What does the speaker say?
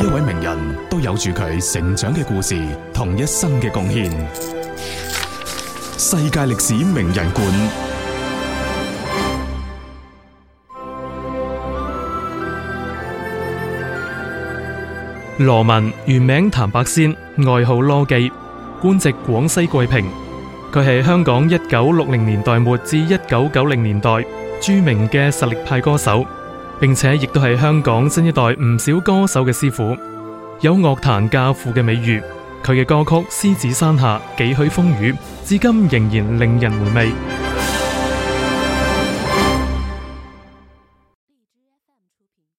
一位名人都有住佢成長嘅故事，同一生嘅貢獻。世界歷史名人館，羅文原名譚百先，外號蘿記，官籍廣西桂平，佢係香港一九六零年代末至一九九零年代著名嘅實力派歌手。並且亦都係香港新一代唔少歌手嘅師傅，有樂壇教父嘅美譽。佢嘅歌曲《獅子山下》《幾許風雨》，至今仍然令人回味。